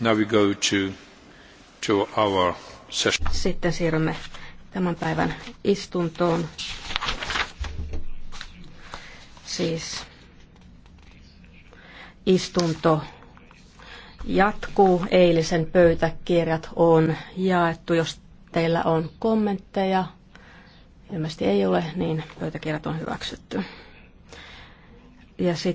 Now we go to, to our session. Sitten siirrymme tämän päivän istuntoon. Siis istunto jatkuu. Eilisen pöytäkirjat on jaettu. Jos teillä on kommentteja, ilmeisesti ei ole, niin pöytäkirjat on hyväksytty. Ja sitten